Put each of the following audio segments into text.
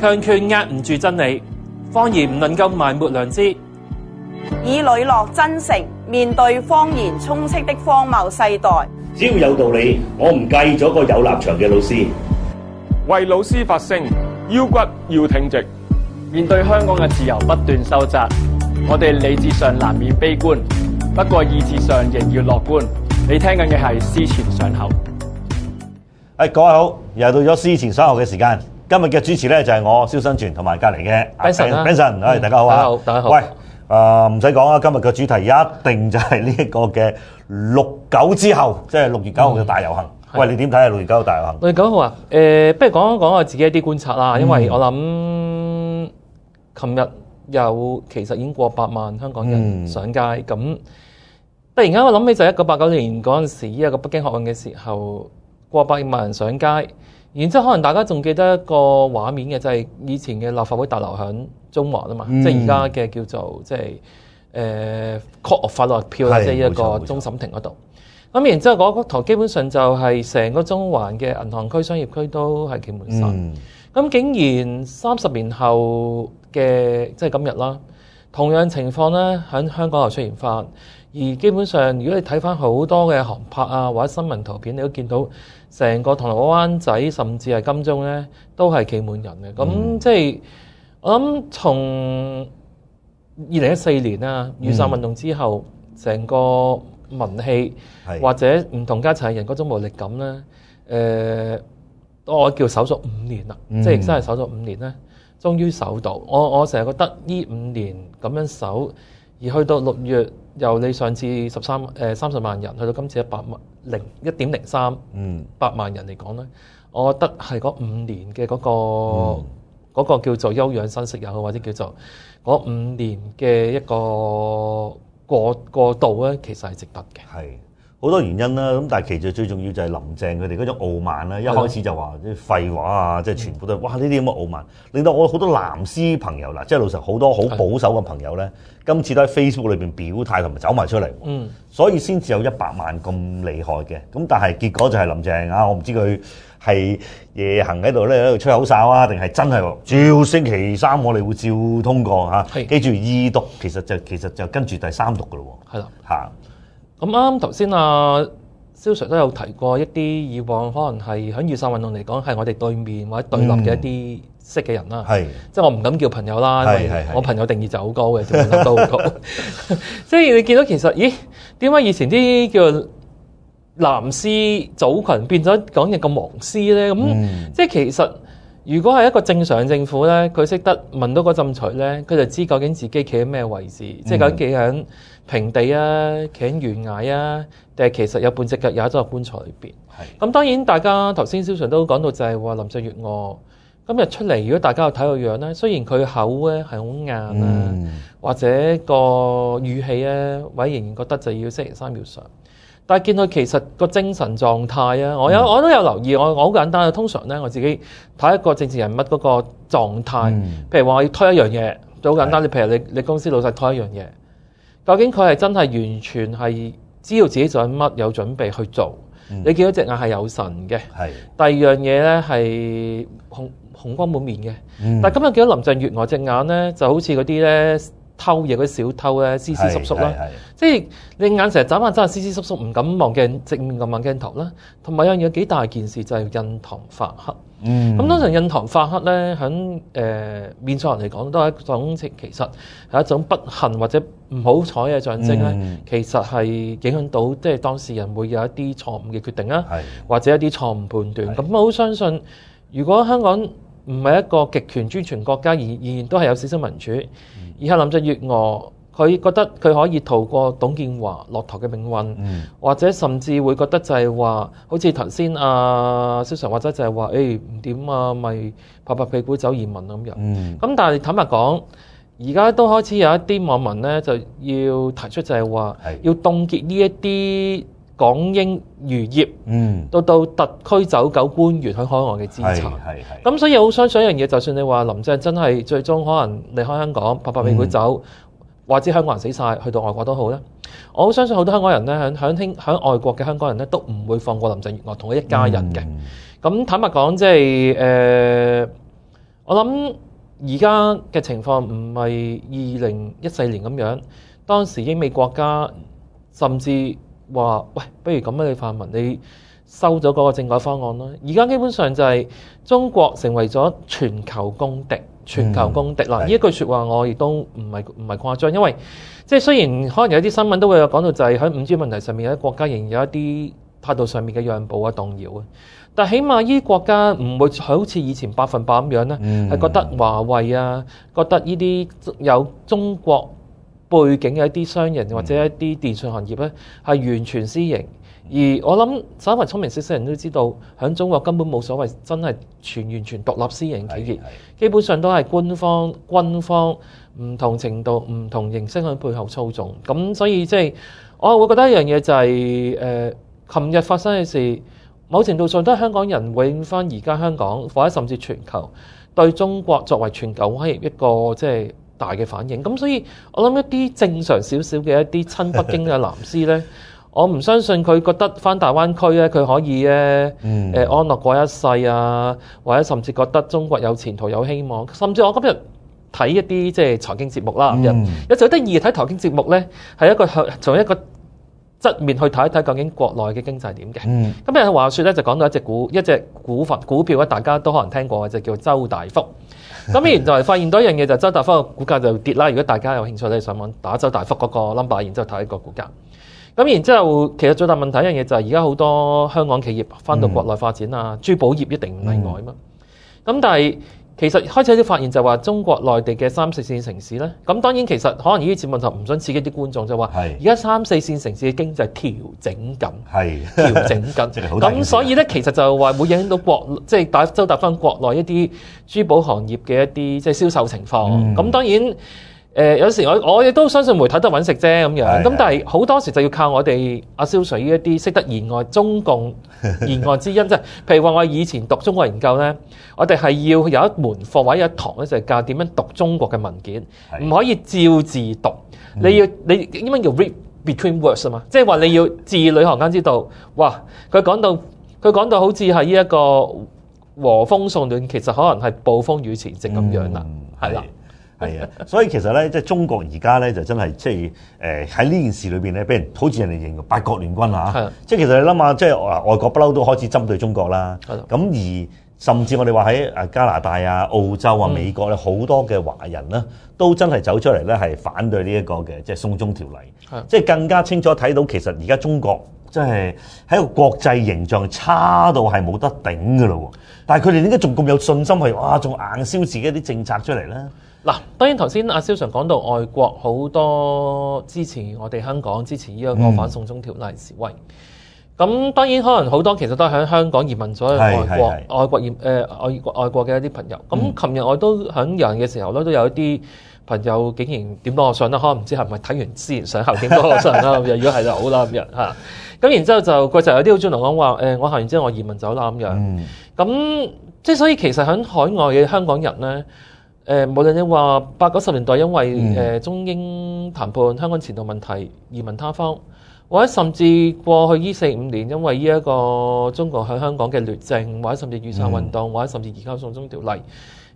強權壓唔住真理，謊言唔能夠埋沒良知。以磊落真誠面對謊言充斥的荒謬世代。只要有道理，我唔介意咗個有立場嘅老師。為老師發聲，腰骨要挺直。面對香港嘅自由不斷收窄，我哋理智上難免悲觀，不過意志上仍要樂觀。你聽緊嘅係思前想後。誒、哎，各位好，又到咗思前想後嘅時間。今日嘅主持咧就係我蕭新全同埋隔離嘅 Benson，Benson，大家好啊，大家好，大家好。喂，誒唔使講啦，今日嘅主題一定就係呢一個嘅六九之後，即係六月九號嘅大遊行。嗯、喂，你點睇啊？六月九號大遊行？六月九號啊？誒、呃，不如講一講我自己一啲觀察啦。因為我諗，琴日有其實已經過百萬香港人上街，咁、嗯、突然間我諗起就係一九八九年嗰陣時呢一個北京學運嘅時候。過百萬人上街，然之後可能大家仲記得一個畫面嘅，就係、是、以前嘅立法會大樓喺中環啊嘛，即係而家嘅叫做即係誒確法律票，即係一個終審庭嗰度。咁然之後嗰幅圖基本上就係成個中環嘅銀行區、商業區都係企滿晒。咁、嗯、竟然三十年後嘅即係今日啦，同樣情況咧喺香港又出現翻。而基本上如果你睇翻好多嘅航拍啊或者新聞圖片，你都見到。成個銅鑼灣仔甚至係金鐘咧，都係企滿人嘅。咁、嗯、即係我諗，從二零一四年啊雨傘運動之後，成、嗯、個民氣或者唔同階層人嗰種無力感咧，誒、呃，我叫守咗五年啦、嗯，即係真係守咗五年咧，終於守到。我我成日覺得呢五年咁樣守，而去到六月。由你上次十三誒三十萬人去到今次一百萬零一點零三，嗯，百萬人嚟講咧，我覺得係嗰五年嘅嗰個，嗯，嗰個叫做休養生息又好，或者叫做嗰五年嘅一個過、過渡咧，其實係值得嘅。係。好多原因啦，咁但係其實最重要就係林鄭佢哋嗰種傲慢啦，一開始就話啲廢話啊，即係全部都係哇呢啲咁嘅傲慢，令到我好多藍絲朋友啦，即係老實好多好保守嘅朋友咧，今次都喺 Facebook 裏邊表態同埋走埋出嚟，嗯，所以先至有一百萬咁厲害嘅，咁但係結果就係林鄭啊，我唔知佢係夜行喺度咧喺度吹口哨啊，定係真係照星期三我哋會照通過嚇，記住二讀其實就其實就跟住第三讀噶咯喎，係啦嚇。咁啱頭先啊，蕭 Sir 都有提過一啲以往可能係喺雨傘運動嚟講係我哋對面或者對立嘅一啲識嘅人啦，嗯，係即係我唔敢叫朋友啦，因為我朋友定義就好高嘅，全部都好高。 即係你見到其實，咦？點解以前啲叫做藍絲組群變咗講嘢咁黃絲咧？咁，嗯、即係其實如果係一個正常政府咧，佢識得聞到嗰陣除咧，佢就知道究竟自己企喺咩位置，嗯，即究竟。企喺。平地啊，企喺懸崖啊，定係其實有半隻腳踩咗喺棺材裏邊。係咁，當然大家頭先小常都講到就係話林鄭月娥今日出嚟，如果大家有睇個樣咧，雖然佢口咧係好硬啊，嗯、或者個語氣咧、啊，委仍然覺得就要星期三要上。但係見佢其實個精神狀態啊，我有我都有留意，我我好簡單啊。嗯、通常咧，我自己睇一個政治人物嗰個狀態，嗯、譬如話我要推一樣嘢，就好簡單。你譬如你你公司老細推一樣嘢。究竟佢係真係完全係知道自己做緊乜，有準備去做。嗯、你見到隻眼係有神嘅，第二樣嘢咧係紅紅光滿面嘅、嗯。但今日見到林鄭月娥隻眼咧就好似嗰啲咧。偷嘢嗰啲小偷咧，斯斯縮縮啦，即係你眼成日眨下眨下，斯斯縮縮，唔敢望鏡正面咁望鏡頭啦。同埋有樣嘢幾大件事就係、是、印堂發黑。嗯，咁通常印堂發黑咧，喺誒，面相人嚟講都係一種其其實係一種不幸或者唔好彩嘅象徵咧、嗯。其實係影響到即係當事人會有一啲錯誤嘅決定啊，或者一啲錯誤判斷。咁我好、嗯、相信，如果香港唔係一個極權專權國家，而依然都係有少少民主。嗯而家林鄭月娥，佢覺得佢可以逃過董建華落台嘅命運、嗯，或者甚至會覺得就係話，好似頭先阿小常或者就係話，誒唔掂啊，咪拍拍屁股走移民啊咁樣。咁、嗯、但係坦白講，而家都開始有一啲網民咧，就要提出就係話，要凍結呢一啲。港英餘孽，嗯，到到特區走狗官員喺海外嘅資產，咁、嗯，所以我好相信一樣嘢，就算你話林鄭真係最終可能離開香港，拍拍屁股走，嗯、或者香港人死晒，去到外國都好啦。我好相信好多香港人呢，響響輕響外國嘅香港人呢，都唔會放過林鄭月娥同佢一家人嘅。咁、嗯、坦白講，即係、呃、我諗而家嘅情況唔係二零一四年咁樣，當時英美國家甚至。話喂，不如咁啦，你泛民，你收咗嗰個政改方案啦。而家基本上就係中國成為咗全球公敵，全球公敵啦。呢、嗯、一句說話我亦都唔係唔係誇張，因為即係雖然可能有啲新聞都會講到就係喺五 G 問題上面，有啲國家仍然有一啲態度上面嘅讓步啊、動搖啊。但起起碼呢啲國家唔會好似以前百分百咁樣咧，係、嗯、覺得華為啊，覺得呢啲有中國。背景嘅一啲商人或者一啲電信行業咧，係完全私營。而我諗稍為聰明少少人都知道，響中國根本冇所謂真係全完全獨立私營企業，基本上都係官方軍方唔同程度、唔同形式喺背後操縱，咁所以即係我會覺得一樣嘢就係誒琴日發生嘅事，某程度上都係香港人搵返而家香港，或者甚至全球對中國作為全球一個即係。大嘅反應，咁所以我諗一啲正常少少嘅一啲親北京嘅藍絲呢， 我唔相信佢覺得返大灣區呢，佢可以咧，誒安樂過一世啊，或者甚至覺得中國有前途有希望。甚至我今日睇一啲即係財經節目啦，一就得二睇財經節目呢，係 一,一個從一個側面去睇一睇究竟國內嘅經濟點嘅。今 日話説呢，就講到一隻股，一隻股份股票咧，大家都可能聽過嘅，就叫周大福。咁然就係發現到一樣嘢就係，周大福個股價就跌啦。如果大家有興趣咧，上網打周大福嗰個 number，然之後睇個股價。咁然之後，其實最大問題一樣嘢就係而家好多香港企業翻到國內發展啊，嗯，珠寶業一定唔例外啊嘛。咁、嗯、但係。其實開始有啲發現就話中國內地嘅三四線城市呢。咁當然其實可能呢啲節目就唔想刺激啲觀眾就話，而家三四線城市嘅經濟調整緊，調整緊，咁 所以呢，其實就話會影響到國即係帶周達翻國內一啲珠寶行業嘅一啲即係銷售情況，咁、嗯、當然。誒、呃、有時我我亦都相信媒體都揾食啫咁樣，咁但係好多時就要靠我哋阿蕭 Sir 呢一啲識得言外中共言外之音，即 係譬如話我以前讀中國研究咧，我哋係要有一門課或者有一堂咧就係教點樣讀中國嘅文件，唔可以照字讀，你要你英文叫 read between words 啊嘛，即係話你要字裏行間知道。哇，佢講到佢講到好似係呢一個和風送暖，其實可能係暴風雨前夕咁樣啦，啦。係 啊，所以其實咧，即係中國而家咧就真係即係誒喺呢件事裏面咧，俾人好似人哋形容八國聯軍啦、啊、即係其實你諗下，即係外國不嬲都開始針對中國啦。咁而甚至我哋話喺加拿大啊、澳洲啊、美國咧，好、嗯、多嘅華人咧都真係走出嚟咧，係反對呢、這、一個嘅即係送中條例，即係更加清楚睇到其實而家中國真係喺個國際形象差到係冇得頂噶咯。但係佢哋點解仲咁有信心去哇，仲硬銷自己啲政策出嚟咧？嗱，當然頭先阿蕭 Sir 講到外國好多支持我哋香港支持呢個《國反送中條例》示威，咁、嗯、當然可能好多其實都喺香港移民咗去外，外、呃、外國，外國移外外國嘅一啲朋友。咁琴日我都響人嘅時候咧，都有一啲朋友竟然點到我上，可能唔知係咪睇完師前想後點到我上啦。咁 如果係就好啦，咁樣吓咁然之後就佢就有啲好專登講話誒，我行完之後我移民走啦咁樣。咁、嗯、即係所以其實喺海外嘅香港人咧。誒，無論你話八九十年代因為誒中英談判、香港前途問題移民他方，或者甚至過去呢四五年因為呢一個中國喺香港嘅劣政，或者甚至雨傘運動，或者甚至移交送中條例，嗯、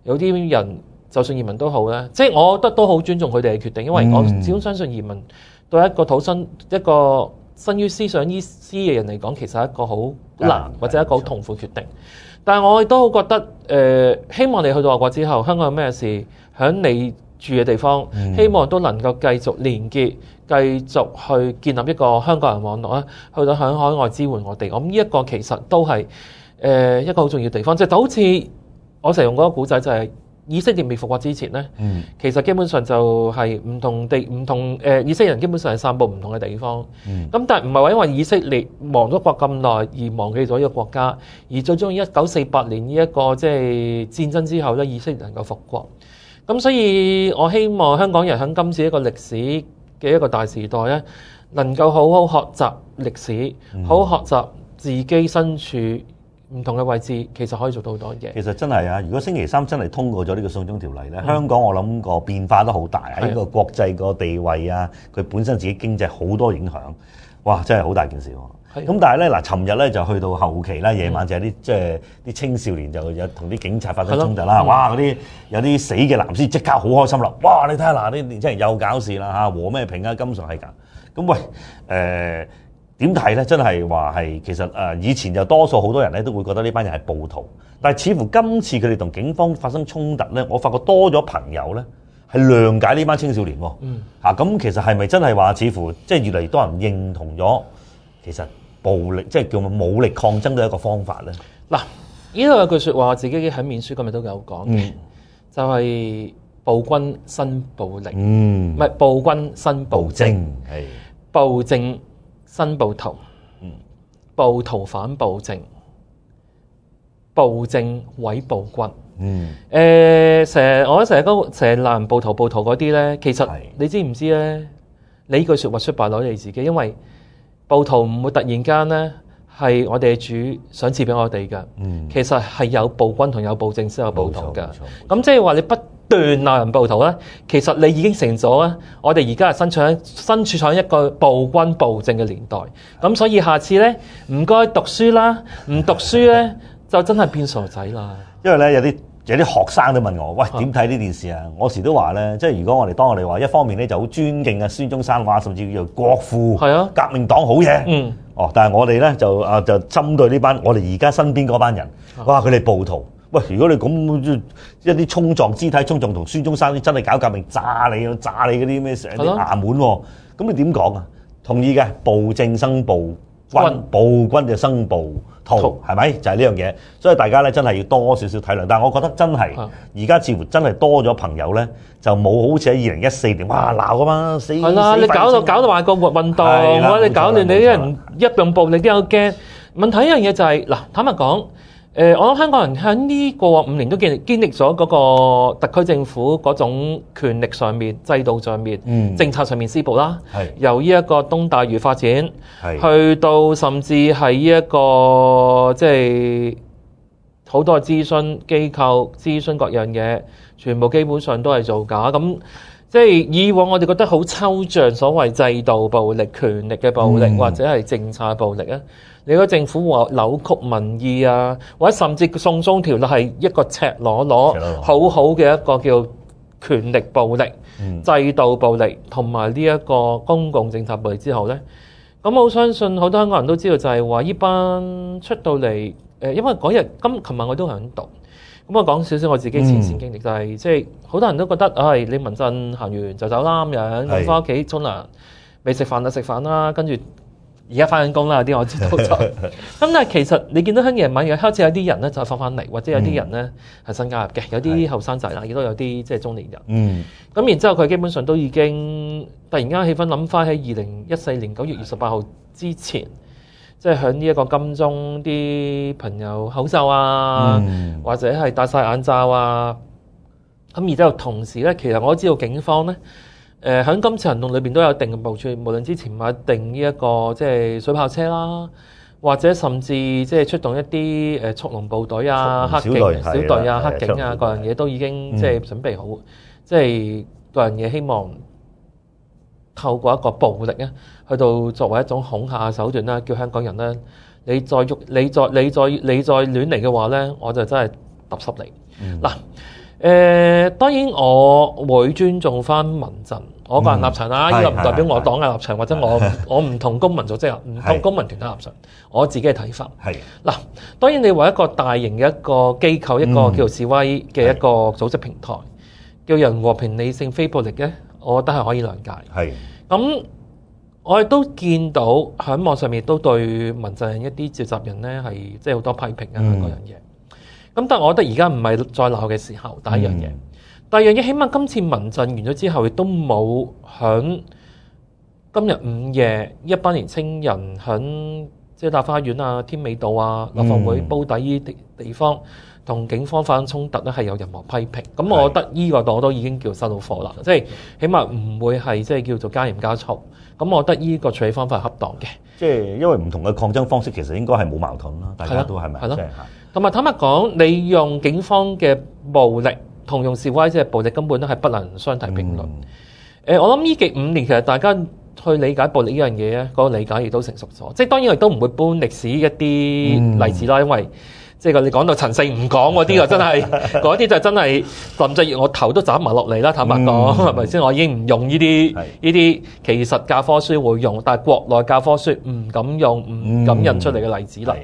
有啲人就算移民都好、就是、都好咧，即係我覺得都好尊重佢哋嘅決定，因為我始終相信移民對一個土生一個生於斯長於斯嘅人嚟講，其實係一個好難或者一個好痛苦決定。但係我都覺得誒、呃，希望你去到外國之後，香港有咩事，響你住嘅地方，希望都能夠繼續連結，繼續去建立一個香港人網絡，去到響海外支援我哋，咁呢一個其實都係誒、呃、一個好重要地方，即係、就好似我成日用嗰個古仔就係、是。以色列未復國之前呢、嗯，其實基本上就係唔同地、唔同誒、呃、以色列人基本上係散佈唔同嘅地方。咁、嗯、但係唔係話因為以色列亡咗國咁耐而忘記咗呢個國家，而最終於一九四八年呢、這、一個即係、就是、戰爭之後咧，以色列人能夠復國。咁所以我希望香港人喺今次一個歷史嘅一個大時代咧，能夠好好學習歷史，嗯、好好學習自己身處，唔同嘅位置其實可以做到好多嘢。其實真係啊，如果星期三真係通過咗呢個送中條例咧、嗯，香港我諗個變化都好大喺、嗯、個國際個地位啊，佢、嗯、本身自己經濟好多影響，哇！真係好大件事喎。咁、嗯、但係咧嗱，尋日咧就去到後期啦，夜晚就有啲即係啲青少年就有同啲警察發生衝突啦、嗯。哇！嗰啲有啲死嘅藍絲即刻好開心啦。哇！你睇下嗱，啲年輕人又搞事啦嚇，和咩平啊，金屬係㗎。咁喂、呃點睇咧？真係話係其實誒以前就多數好多人咧都會覺得呢班人係暴徒，但係似乎今次佢哋同警方發生衝突咧，我發覺多咗朋友咧係諒解呢班青少年喎。嗯。嚇、啊、咁其實係咪真係話似乎即係越嚟越多人認同咗其實暴力即係叫武力抗爭嘅一個方法咧？嗱，呢度有句説話，我自己喺面書今日都有講嘅、嗯，就係、是、暴君新暴力，嗯，唔係暴君新暴政，係暴政。新暴徒，暴徒反暴政，暴政毀暴君。嗯、呃，誒，成日，我成日都成日鬧人暴徒暴徒嗰啲咧，其實你知唔知咧？你呢句説話出白裸你自己，因為暴徒唔會突然間咧。係我哋主想賜俾我哋噶、嗯，其實係有暴君同有暴政先有暴徒噶。咁即係話你不斷鬧人暴徒咧，其實你已經成咗啊！我哋而家係身處喺身處喺一個暴君暴政嘅年代。咁所以下次咧，唔該讀書啦，唔讀書咧 就真係變傻仔啦。因為咧，有啲有啲學生都問我：，喂，點睇呢件事啊？我時都話咧，即係如果我哋當我哋話一方面咧就好尊敬啊，孫中山話，甚至叫做國父，係啊，革命黨好嘢。哦，但係我哋咧就啊就針對呢班我哋而家身邊嗰班人，哇佢哋暴徒。喂，如果你咁一啲衝撞肢體衝撞同孫中山啲真係搞革命炸你啊炸你嗰啲咩成啲衙門喎、哦，咁你點講啊？同意嘅暴政生暴軍軍暴君就生暴。套係咪就係呢樣嘢？所以大家咧真係要多少少體諒。但我覺得真係而家似乎真係多咗朋友咧，就冇好似喺二零一四年哇鬧㗎嘛，係啦，你搞到搞到話個運運動，我你搞亂你啲人一樣暴力你都有驚。問題一樣嘢就係、是、嗱，坦白講。誒，我諗香港人喺呢過往五年都經經歷咗嗰個特區政府嗰種權力上面、制度上面、嗯、政策上面施暴啦。由呢一個東大嶼發展，去到甚至係呢一個即係好多諮詢機構、諮詢各樣嘢，全部基本上都係造假。咁即係以往我哋覺得好抽象，所謂制度暴力、權力嘅暴力，嗯、或者係政策暴力啊？你個政府話扭曲民意啊，或者甚至送中條例，係一個赤裸裸、裸裸好好嘅一個叫權力暴力、嗯、制度暴力同埋呢一個公共政策暴力之後咧，咁、嗯、我相信好多香港人都知道就係話依班出到嚟，誒，因為嗰日今琴日我都響度。咁我講少少我自己前線經歷，嗯、就係即係好多人都覺得，啊、哎、你民陣行完就走啦咁樣，翻屋企沖涼，未食飯就食飯啦，跟住。而家翻緊工啦，有啲我知道咁。 但係其實你見到喺夜晚又開始有啲人咧就放翻嚟，或者有啲人咧係新加入嘅，有啲後生仔啦，亦都有啲即係中年人。嗯。咁然之後佢基本上都已經突然間氣氛諗翻喺二零一四年九月二十八號之前，即係響呢一個金鐘啲朋友口罩啊，嗯、或者係戴晒眼罩啊。咁然之後同時咧，其實我都知道警方咧。誒、呃、喺今次行動裏邊都有定嘅部署，無論之前買定呢、這、一個即係水炮車啦，或者甚至即係出動一啲誒、呃、速龍部隊啊、黑警小隊啊、黑警啊，各樣嘢都已經、嗯、即係準備好，即係各樣嘢希望透過一個暴力咧，去到作為一種恐嚇嘅手段啦，叫香港人咧，你再喐你再你再你再，你再亂嚟嘅話咧，我就真係揼濕你嗱。嗯誒當然我會尊重翻民陣我個人立場啊，呢個唔代表我黨嘅立場，或者我我唔同公民組織、唔同公民團體立場，我自己嘅睇法。係嗱，當然你話一個大型嘅一個機構、嗯、一個叫示威嘅一個組織平台，叫人和平、理性、非暴力嘅，我覺得係可以諒解。係咁，我亦都見到喺網上面都對民陣一啲召集人咧係即係好多批評啊個人嘢。嗯咁但係我覺得而家唔係再鬧嘅時候，第一樣嘢。第二樣嘢，起碼今次民陣完咗之後，亦都冇響今日午夜一班年青人響即係大花園啊、天美道啊、立法會煲底呢啲地方同警方發生衝突咧，係有任何批評。咁、嗯、我覺得呢、呢個我都已經叫收到貨啦，即係起碼唔會係即係叫做加鹽加醋。咁我覺得呢個處理方法係恰當嘅，即係因為唔同嘅抗爭方式其實應該係冇矛盾啦，大家都係咪？係咯。同埋坦白講，你用警方嘅暴力同用示威者嘅暴力根本都係不能相提並論。嗯、我諗呢幾五年其實大家去理解暴力呢樣嘢咧，嗰個理解亦都成熟咗。即係當然佢亦都唔會搬歷史一啲例子啦，嗯、因為。即係你講到陳勝唔講嗰啲啊，真係嗰啲就真係林振業我頭都斬埋落嚟啦，坦白講，係咪先？我已經唔用呢啲呢啲，其實教科書會用，但係國內教科書唔敢用、唔敢印出嚟嘅例子啦。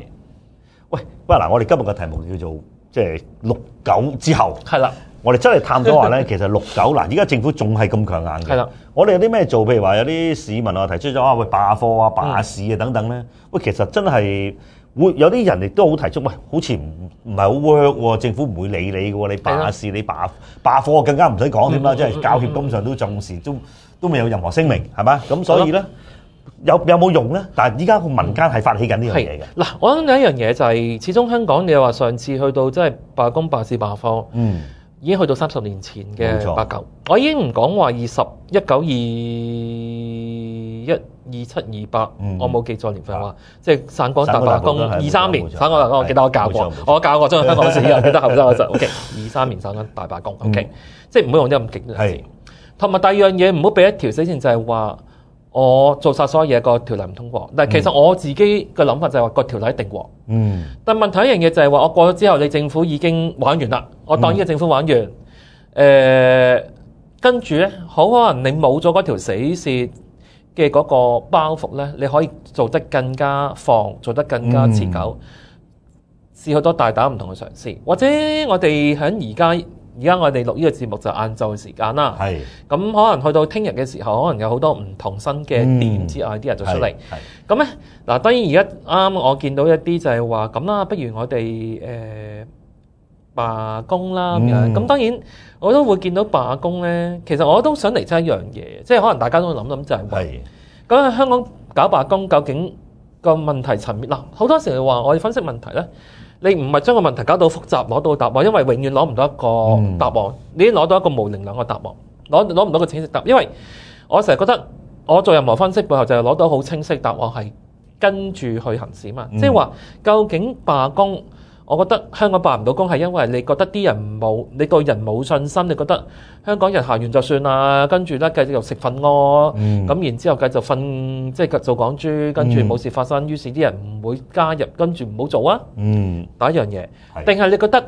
喂喂嗱，我哋今日嘅題目叫做即係、就是、六九之後，係啦，我哋真係探討話咧，其實六九嗱，依家政府仲係咁強硬嘅。係啦，我哋有啲咩做？譬如話有啲市民啊提出咗啊，會罷課啊、罷市啊等等咧。喂，其實真係。會有啲人亦都好提出，喂、哎，好似唔、唔係好 work 喎，政府唔會理你嘅喎，你罷市，你罷、罷課更加唔使講添啦，即係教協根本上都重視，都、都未有任何聲明係嘛？咁所以咧，有、有冇用咧？但係依家個民間係發起緊呢樣嘢嘅。嗱，我諗有一樣嘢就係、是，始終香港你又話上次去到即係罷工、罷市、罷課，嗯，已經去到三十年前嘅八九，冇錯，我已經唔講話二十一九二，一二七二八，我冇記錯年份話、嗯，即係省港大罷工，大工二三年省港大罷工，我記得我教過我教過，過，將佢香港死人。 我記得後生記得我實 OK？二三年省港大罷工 OK、嗯、即係唔好用啲咁極嘅事。係同埋第二樣嘢，唔好俾一條死線，就係話我做晒所有嘢，個條例唔通過。但係其實我自己嘅諗法就係話個條例一定過，嗯，但係問題一樣嘢就係話我過咗之後，你政府已經玩完啦，我當呢個政府玩完，誒、嗯，跟住咧，好可能你冇咗嗰條死線。嘅嗰個包袱咧，你可以做得更加放，做得更加持久，嗯、試好多大膽唔同嘅嘗試，或者我哋喺而家而家我哋錄呢個節目就晏晝時間啦。係，咁可能去到聽日嘅時候，可能有好多唔同的新嘅點子、嗯，啲人就做出嚟。咁咧，嗱當然而家啱我見到一啲就係話咁啦，不如我哋誒。呃罷工啦咁樣，咁當然我都會見到罷工呢。其實我都想嚟測一樣嘢，即係可能大家都會諗諗就係，咁喺香港搞罷工究竟個問題層面啦。好多時話我哋分析問題呢，你唔係將個問題搞到複雜攞到答案，因為永遠攞唔到一個答案，你攞到一個模棱兩可嘅答案，攞攞唔到個清晰答案。因為我成日覺得我做任何分析背後就係攞到好清晰答案，係跟住去行事嘛。即係話究竟罷工。我覺得香港辦唔到工係因為你覺得啲人冇你對人冇信心，你覺得香港人行完就算啦，跟住咧繼續又食份囉咁，然之後繼續瞓，即係做港豬，跟住冇事發生。嗯、於是啲人唔會加入，跟住唔好做啊。第、嗯、一樣嘢，定係你覺得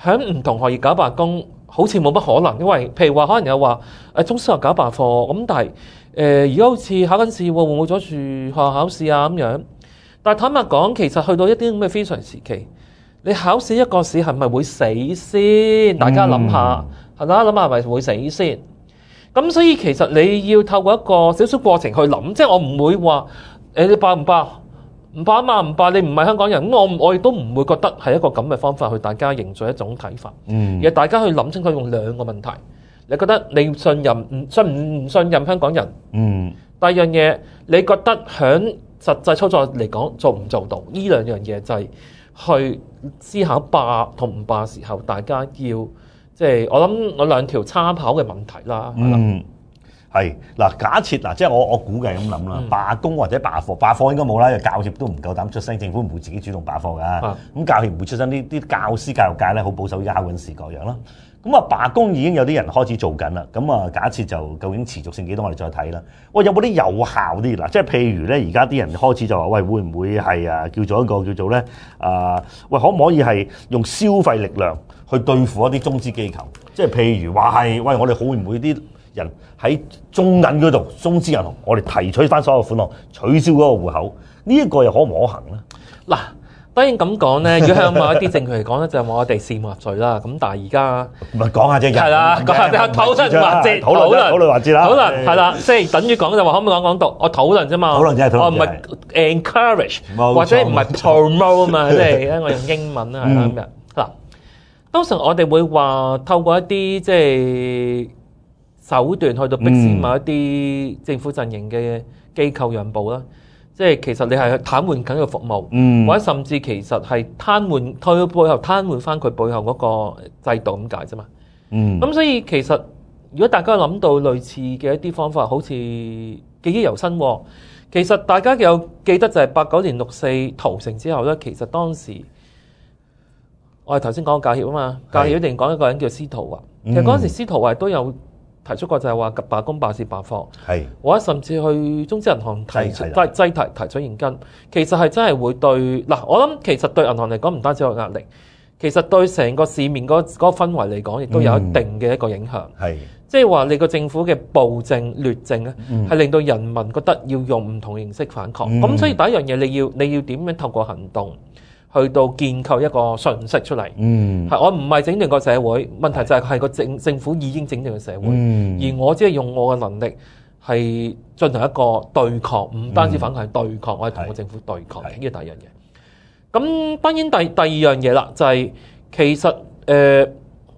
喺唔同行業搞罷工好似冇乜可能，因為譬如話可能有話中小學搞罷課咁，但係誒而家好似考緊試會唔會阻住學校考試啊咁樣？但係坦白講，其實去到一啲咁嘅非常時期。你考試一個試係咪會死先？大家諗下，係啦，諗下係咪會死先？咁所以其實你要透過一個少少過程去諗，即係我唔會話誒你爆唔爆，唔爆啊嘛唔爆，你唔係香港人，咁我我亦都唔會覺得係一個咁嘅方法去大家營造一種睇法。嗯，而大家去諗清楚用兩個問題，你覺得你信任唔信唔信任香港人？嗯，第二樣嘢，你覺得響實際操作嚟講做唔做到？呢兩樣嘢就係。去思考罷同唔罷時候，大家要即係我諗我兩條參考嘅問題啦。嗯，係嗱，假設嗱，即係我我估計咁諗啦，罷工或者罷課，罷課應該冇啦，因為教協都唔夠膽出聲，政府唔會自己主動罷課㗎。咁教協唔會出身，啲啲教師教育界咧，好保守，啞鈍事各樣咯。咁啊，罷工已經有啲人開始做緊啦。咁啊，假設就究竟持續性幾多，我哋再睇啦。喂，有冇啲有，有效啲嗱？即係譬如咧，而家啲人開始就話：喂，會唔會係啊？叫做一個叫做咧啊？喂、呃，可唔可以係用消費力量去對付一啲中資機構？即係譬如話係：喂，我哋會唔會啲人喺中銀嗰度，中資銀行，我哋提取翻所有款項，取消嗰個戶口？呢、這、一個又可唔可行咧？嗱。當然咁講咧，如果向某一啲政權嚟講咧，就係話我哋煽惑罪啦。咁但係而家唔係講下啫，係啦，講下隻頭出環節，討論討論環節啦。討論係啦，即係等於講就話可唔可以講講讀？我討論啫嘛。討論即係討論。我唔係 encourage，或者唔係 promote 嘛？即係咧，我用英文啦，係啦，嗱。通常我哋會話透過一啲即係手段去到逼使某一啲政府陣營嘅機構讓步啦。即係其實你係去癱瘓緊個服務，嗯、或者甚至其實係癱瘓到背後癱瘓翻佢背後嗰個制度咁解啫嘛、嗯。咁所以其實如果大家諗到類似嘅一啲方法，好似記憶猶新。其實大家有記得就係八九年六四屠城之後咧，其實當時我哋頭先講教協啊嘛，教協一定講一個人叫司徒啊。其實嗰陣時司徒啊都有。提出過就係話及罷工、罷市、罷課，或者甚至去中資銀行提取擠擠提提取現金，其實係真係會對嗱，我諗其實對銀行嚟講唔單止有壓力，其實對成個市面嗰個氛圍嚟講，亦都有一定嘅一個影響。係即係話你個政府嘅暴政、劣政咧，係令到人民覺得要用唔同形式反抗。咁所以第一樣嘢，你要你要點樣透過行動？去到建構一個信息出嚟，係、嗯、我唔係整定個社會，問題就係係個政政府已經整定個社會、嗯，而我只係用我嘅能力係進行一個對抗，唔單止反抗，係對抗，嗯、我係同個政府對抗呢個、嗯、第一樣嘢。咁當然第第二樣嘢啦，就係、係、其實誒、呃，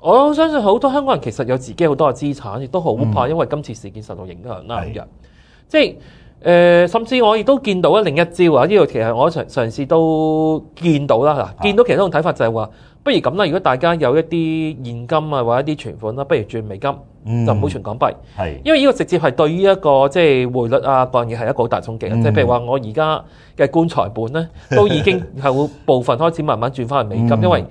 我相信好多香港人其實有自己好多嘅資產，亦都好怕，因為今次事件受到影響啦，即、嗯、係。誒、呃，甚至我亦都見到咧另一招啊！呢度其實我嘗嘗試都見到啦。嗱，見到其中一種睇法就係、是、話、啊，不如咁啦。如果大家有一啲現金啊，或者一啲存款啦，不如轉美金，嗯、就唔好存港幣，因為呢個直接係對於一個即係、就是、匯率啊，港元係一個好大衝擊。即係譬如話，我而家嘅棺材本咧，都已經係會部分開始慢慢轉翻去美金， 嗯、因為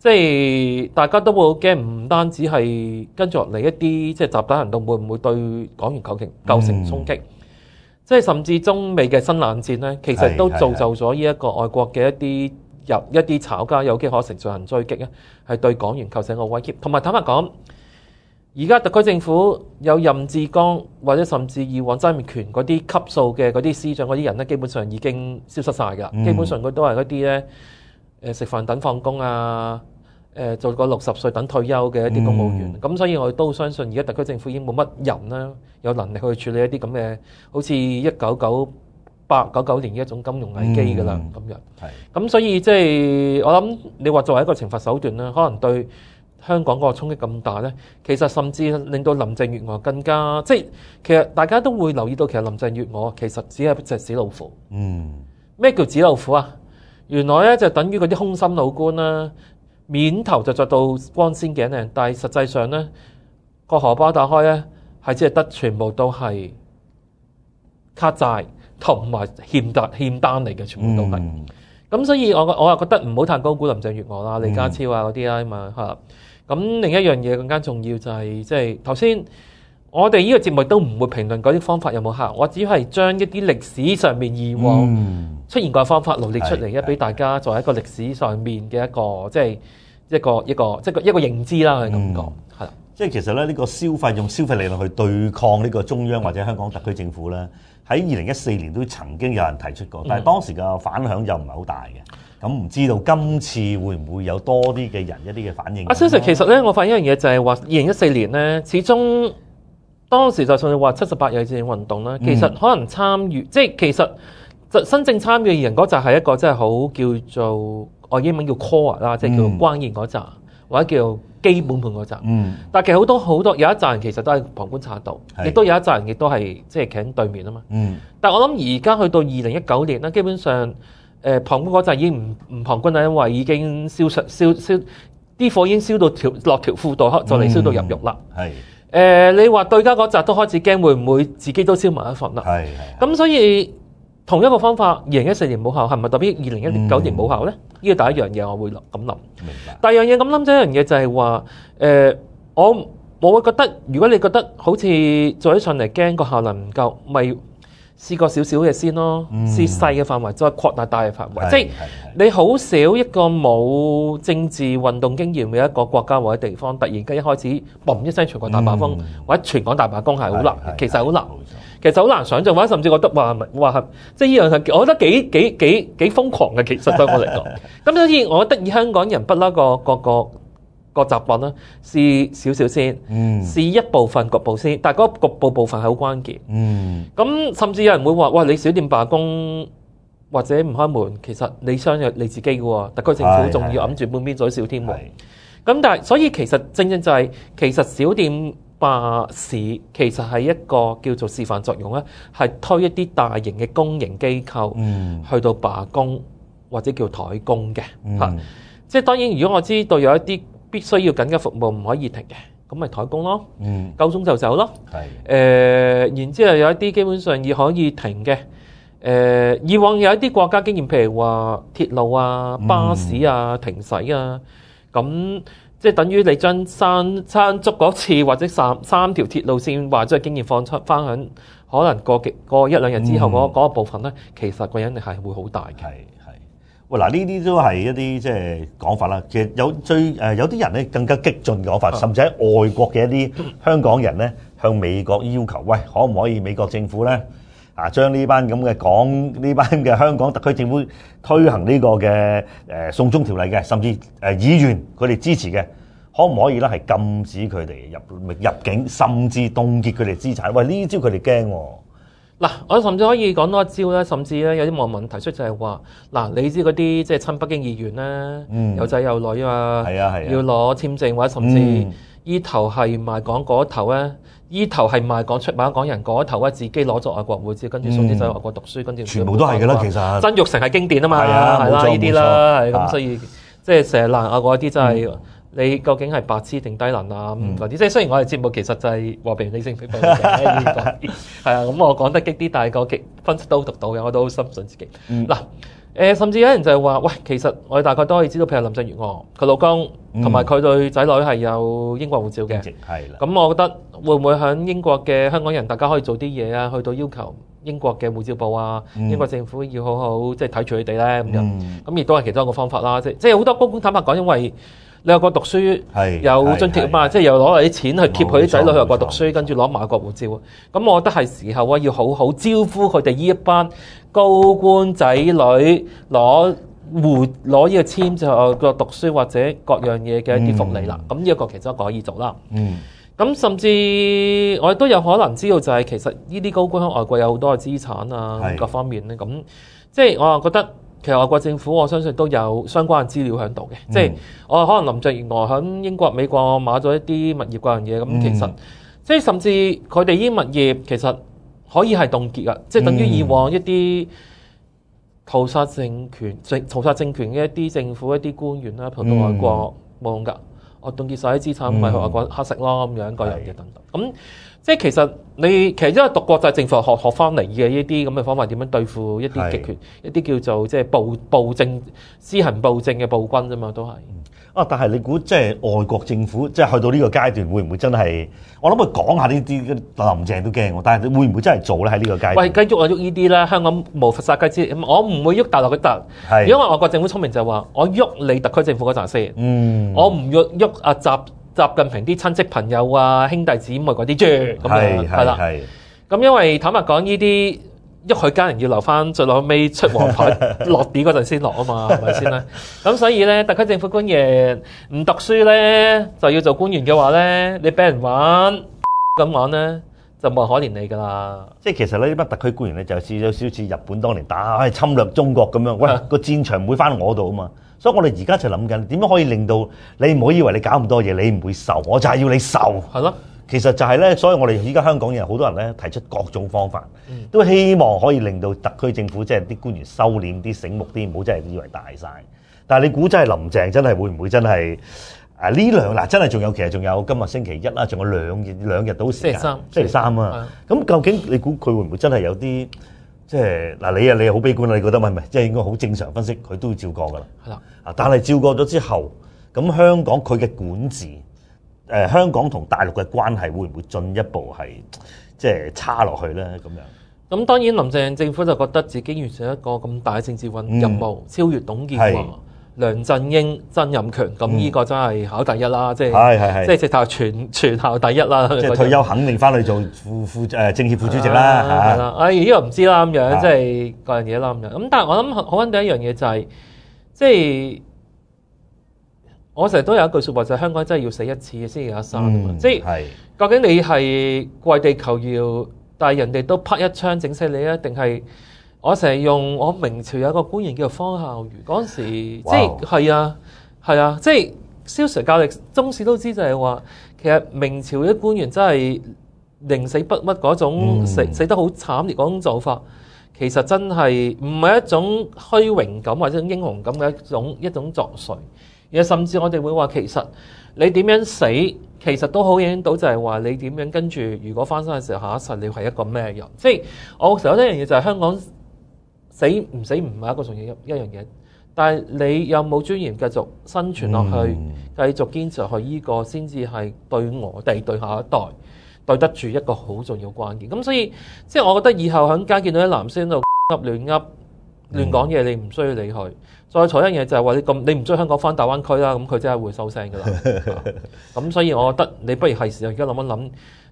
即係、就是、大家都會驚，唔單止係跟住落嚟一啲即係集體行動，會唔會對港元構成構成衝擊？嗯即係甚至中美嘅新冷戰咧，其實都造就咗呢一個外國嘅一啲入一啲炒家有機可乘進行追擊咧，係對港元構成一個威脅。同埋坦白講，而家特區政府有任志剛或者甚至以往曾蔭權嗰啲級數嘅嗰啲司長嗰啲人咧，基本上已經消失晒㗎，基本上佢都係一啲咧誒食飯等放工、嗯、啊。誒、呃、做過六十歲等退休嘅一啲公務員，咁、嗯、所以我都相信而家特區政府已經冇乜人啦，有能力去處理一啲咁嘅好似一九九八九九年一種金融危機噶啦咁樣咁，所以即、就、係、是、我諗你話作為一個懲罰手段呢，可能對香港個衝擊咁大咧，其實甚至令到林鄭月娥更加即係其實大家都會留意到，其實林鄭月娥其實只係隻紙老虎。嗯，咩叫紙老虎啊？原來咧就等於嗰啲空心老官啦、啊。面頭就着到光鮮頸靚，但係實際上咧，個荷包打開咧，係只係得全部都係卡債同埋欠，欠單欠單嚟嘅，全部都係。咁、嗯、所以我我又覺得唔好太高估林鄭月娥啦、嗯、李家超啊嗰啲啦嘛嚇。咁另一樣嘢更加重要就係、是、即係頭先，我哋呢個節目都唔會評論嗰啲方法有冇客，我只係將一啲歷史上面以往出現過嘅方法羅列出嚟，一、嗯、俾大家作為一個歷史上面嘅一個、嗯、即係。一個一個即係一,一,一個認知啦嘅感啦。即係其實咧，呢個消費用消費理論去對抗呢個中央或者香港特區政府咧，喺二零一四年都曾經有人提出過，但係當時嘅反響又唔係好大嘅。咁唔知道今次會唔會有多啲嘅人一啲嘅反應、啊？阿 Sir、啊、其實咧，我發現一樣嘢就係、是、話，二零一四年咧，始終當時就算你話七十八日佔運動啦，其實可能參與、嗯、即係其實新政參與嘅人嗰集係一個真係好叫做。我英文叫 core 啦，即係叫做關鍵嗰扎，或者叫基本盤嗰紮、嗯。但係其實好多好多有一紮人其實都係旁觀察到，亦都有一紮人亦都係即係企喺對面啊嘛、嗯。但係我諗而家去到二零一九年啦，基本上誒、呃、旁觀嗰紮已經唔唔旁觀啦，因為已經燒出燒燒啲火已經燒到條落條褲袋黑，就嚟燒到入獄啦。係、嗯、誒、呃，你話對家嗰紮都開始驚會唔會自己都燒埋一份啦？係咁所以。同一個方法，二零一四年冇效，係咪係代表二零一九年冇效咧？呢、嗯、個第一樣嘢，我會咁諗。第二樣嘢咁諗，第一樣嘢就係、是、話，誒、呃，我我會覺得，如果你覺得好似做起上嚟驚個效能唔夠，咪。試過少少嘅先咯，試細嘅範圍再擴大大嘅範圍，即你好少一個冇政治運動經驗嘅一個國家或者地方，突然間一開始嘣一聲全國大罷工、嗯、或者全港大罷工係好難，其實好難，其實好難，難想象，或者甚至覺得話即呢依樣係，我覺得幾幾幾幾瘋狂嘅，其實對我嚟講，咁所以我覺得以香港人不嬲個個個個習慣啦，試少少先，試一部分局部先，但係嗰局部部分係好關鍵。嗯，咁、嗯嗯、甚至有人會話，哇，你小店罷工或者唔開門，其實你傷嘅你自己嘅喎。特區政府仲要揞住半邊嘴笑添。咁但係，所以其實正正就係、是，其實小店罷市其實係一個叫做示範作用啦，係推一啲大型嘅公營機構，嗯，去到罷工或者叫台工嘅嚇。即係當然，如果我知道有一啲。嗯嗯必須要緊急服務唔可以停嘅，咁咪台工咯，夠、嗯、鐘就走咯。係誒、呃，然之後有一啲基本上亦可以停嘅。誒、呃，以往有一啲國家經驗，譬如話鐵路啊、巴士啊、嗯、停駛啊，咁即係等於你將三餐足嗰次或者三三條鐵路線話係經驗放出翻可能過極一兩日之後嗰嗰、嗯嗰個、部分咧，其實個人力係會好大嘅。喂，嗱呢啲都係一啲即係講法啦。其實有最誒有啲人咧更加激進嘅講法，甚至喺外國嘅一啲香港人咧，向美國要求：喂，可唔可以美國政府咧啊將呢班咁嘅港呢班嘅香港特區政府推行呢個嘅誒送中條例嘅，甚至誒議員佢哋支持嘅，可唔可以咧係禁止佢哋入入境，甚至凍結佢哋資產？喂，呢招佢哋驚喎。嗱，我甚至可以講多一招咧，甚至咧有啲網民提出就係話嗱，你知嗰啲即係親北京議員咧，有仔有女啊，係啊，係啊，要攞簽證或者甚至依、嗯、頭係賣港嗰頭咧？依頭係賣港出賣港人嗰頭，人頭自己攞咗外國護照，跟住送啲仔外國讀書，跟住全部都係㗎啦，其實。曾鈺成係經典啊嘛，係啦、啊，呢啲啦，係咁、啊，所以即係成日嗱啊嗰啲真係。你究竟係白痴定低能啊？啲、嗯，即係雖然我哋節目其實就係話俾你聽，係啊，咁 我講得激啲，但係個分析都讀到嘅，我都好深信自己。嗱、嗯，誒、啊呃，甚至有人就係話，喂，其實我哋大概都可以知道，譬如林鄭月娥，佢老公同埋佢對仔女係有英國護照嘅。咁、嗯、我覺得會唔會喺英國嘅香港人，大家可以做啲嘢啊，去到要求英國嘅護照部啊、嗯，英國政府要好好即係睇住佢哋咧。咁、就、樣、是，咁、嗯、亦都係其中一個方法啦、就是。即即係好多高官坦白講，因為你外國讀書，有津貼嘛？即係又攞嚟啲錢去 keep 佢啲仔女去外國讀書，跟住攞埋國護照。咁我覺得係時候啊，要好好招呼佢哋呢一班高官仔女攞護攞呢個簽就個讀書或者各樣嘢嘅一啲福利啦。咁、嗯、呢一個其實都可以做啦。咁、嗯、甚至我亦都有可能知道就係其實呢啲高官喺外國有好多嘅資產啊，各方面咧。咁即係我啊覺得。其實外國政府我相信都有相關嘅資料喺度嘅，即係我可能林鄭原來喺英國、美國買咗一啲物業嗰樣嘢，咁、嗯、其實即係甚至佢哋呢啲物業其實可以係凍結噶、嗯，即係等於以往一啲屠殺政權、屠殺政權嘅一啲政府、一啲官員啦，跑到外國冇、嗯、用噶，我凍結晒啲資產唔係去外國乞食咯咁、嗯、樣個人嘅等等咁。即係其實你其實因為讀國際政府學返翻嚟嘅呢啲咁嘅方法，點樣對付一啲極權、一啲叫做即係暴暴政、施行暴政嘅暴君啫嘛，都係。啊！但係你估即係外國政府即係去到呢個階段，會唔會真係？我諗佢講下呢啲，林鄭都驚喎，但係會唔會真係做咧？喺呢個階段。喂，繼續呀喐呢啲啦，香港無法殺雞之，我唔會喐大陸嘅，因為。外國政府聰明就話，我喐你特區政府嗰陣先。嗯，我。我唔喐喐阿習習近平啲親戚朋友啊、兄弟姊妹嗰啲住咁樣，係啦，係。咁因為坦白講，呢啲喐佢家人要留翻，最後尾出皇牌落地嗰陣先落啊嘛，係咪先啦？咁 所以咧，特區政府官員唔讀書咧，就要做官員嘅話咧，你俾人玩咁玩啦。就冇可憐你㗎啦！即係其實呢，呢班特區官員咧，就似有少少似日本當年打、哎、侵略中國咁樣，喂，個戰場唔會翻我度啊嘛！所以我哋而家就諗緊點樣可以令到你唔好以為你搞咁多嘢，你唔會受。我就係要你受。係咯。其實就係、是、咧，所以我哋而家香港人好多人咧提出各種方法，都希望可以令到特區政府即係啲官員收斂啲醒目啲，唔好真係以為大晒。但係你估真係林鄭，真係會唔會真係？啊！呢兩嗱真係仲有，其實仲有今日星期一啦，仲有兩日兩日都時間星期三，星期三啊！咁究竟你估佢會唔會真係有啲即係嗱？你啊，你又好悲觀，你覺得咪咪即係應該好正常分析，佢都要照過噶啦。係啦。啊！但係照過咗之後，咁香港佢嘅管治，誒、呃、香港同大陸嘅關係會唔會進一步係即係差落去咧？咁、嗯、樣。咁當然，林鄭政府就覺得自己完成一個咁大嘅政治運任務，超越董建華梁振英、曾蔭權，咁呢、這個真係考第一啦，嗯，即係、嗯、即係直頭全全校第一啦。即係退休肯定翻去做副副政協副主席啦。係、嗯、啦，哎，依個唔知啦，咁樣即係嗰樣嘢啦，咁樣。咁但係我諗好肯定一樣嘢就係、是，即係我成日都有一句說話就係、是、香港真係要死一次先至有一生。嗯、即係究竟你係跪地求饒，但係人哋都啪一槍整死你啊，定係？我成日用我明朝有一個官員叫做方孝孺，嗰陣時即係、wow. 啊係啊，即係蕭 Sir 教歷，中史都知就係話，其實明朝啲官員真係寧死不屈嗰種死、mm. 死得好慘烈嗰種做法，其實真係唔係一種虛榮感或者英雄感嘅一種一種作祟，而且甚至我哋會話其實你點樣死，其實都好影到就係話你點樣跟住如果翻生嘅時候下一世你係一個咩人？即係我成日有一樣嘢就係香港。死唔死唔係一個重要一一樣嘢，但係你有冇尊嚴繼續生存落去、嗯，繼續堅持去依個先至係對我哋對下一代對得住一個好重要關鍵。咁所以即係我覺得以後喺街見到啲男性喺度噏亂噏亂講嘢，你唔需要理佢、嗯。再除一樣嘢就係話你咁你唔追香港返大灣區啦，咁佢真係會收聲噶啦。咁、 啊、所以我覺得你不如係時候而家諗一諗。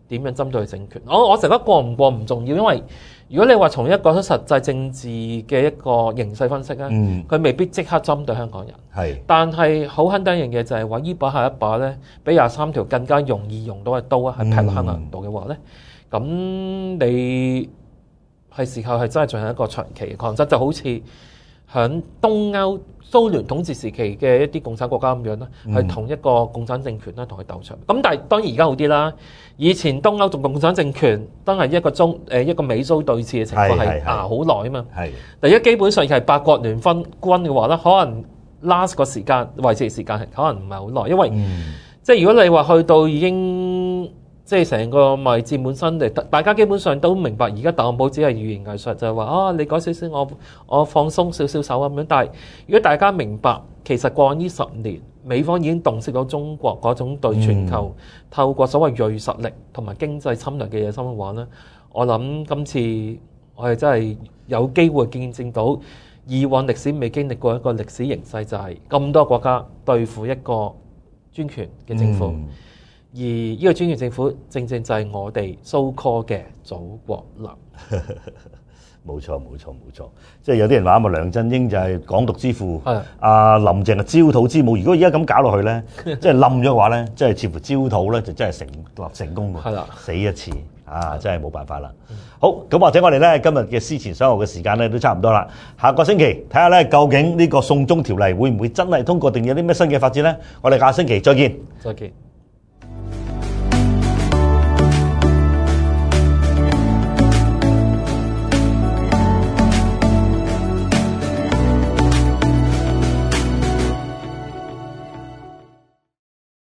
點樣針對政權？我我成日覺得過唔過唔重要，因為如果你話從一個實際政治嘅一個形勢分析咧，佢、嗯、未必即刻針對香港人。是但係好肯定一樣嘢就係、是、話，呢把係一把咧，比廿三條更加容易用到嘅刀啊，係劈落香港度嘅話咧，咁你係時候係真係進行一個長期嘅抗爭，可能就好似。響東歐蘇聯統治時期嘅一啲共產國家咁樣啦，去、嗯、同一個共產政權啦，同佢鬥場。咁但係當然而家好啲啦。以前東歐同共產政權都係一個中誒一個美蘇對峙嘅情況係啊好耐啊嘛。係，第一基本上係八國聯分軍嘅話咧，可能 last 個時間維持的時間係可能唔係好耐，因為、嗯、即係如果你話去到已經。即係成個貿易戰本身嚟，大家基本上都明白。而家特朗普只係語言藝術，就係、是、話啊，你改少少，我我放鬆少少手咁樣。但係如果大家明白，其實過呢十年，美方已經洞悉咗中國嗰種對全球、嗯、透過所謂鋭實力同埋經濟侵略嘅野心嘅話呢，我諗今次我哋真係有機會見證到以往歷史未經歷過一個歷史形勢，就係、是、咁多國家對付一個專權嘅政府。嗯嗯而呢個專權政府正正就係我哋 so call 嘅祖國林， 冇錯冇錯冇錯，即係有啲人話啊梁振英就係港獨之父，阿 林鄭係焦土之母。如果而家咁搞落去咧， 即係冧咗嘅話咧，即係似乎焦土咧就真係成立成功喎， 死一次啊， 真係冇辦法啦。 好，咁，或者我哋咧今日嘅思前想後嘅時間咧都差唔多啦。下個星期睇下咧究竟呢個送中條例會唔會真係通過定有啲咩新嘅發展咧？我哋下星期再見 ，再見。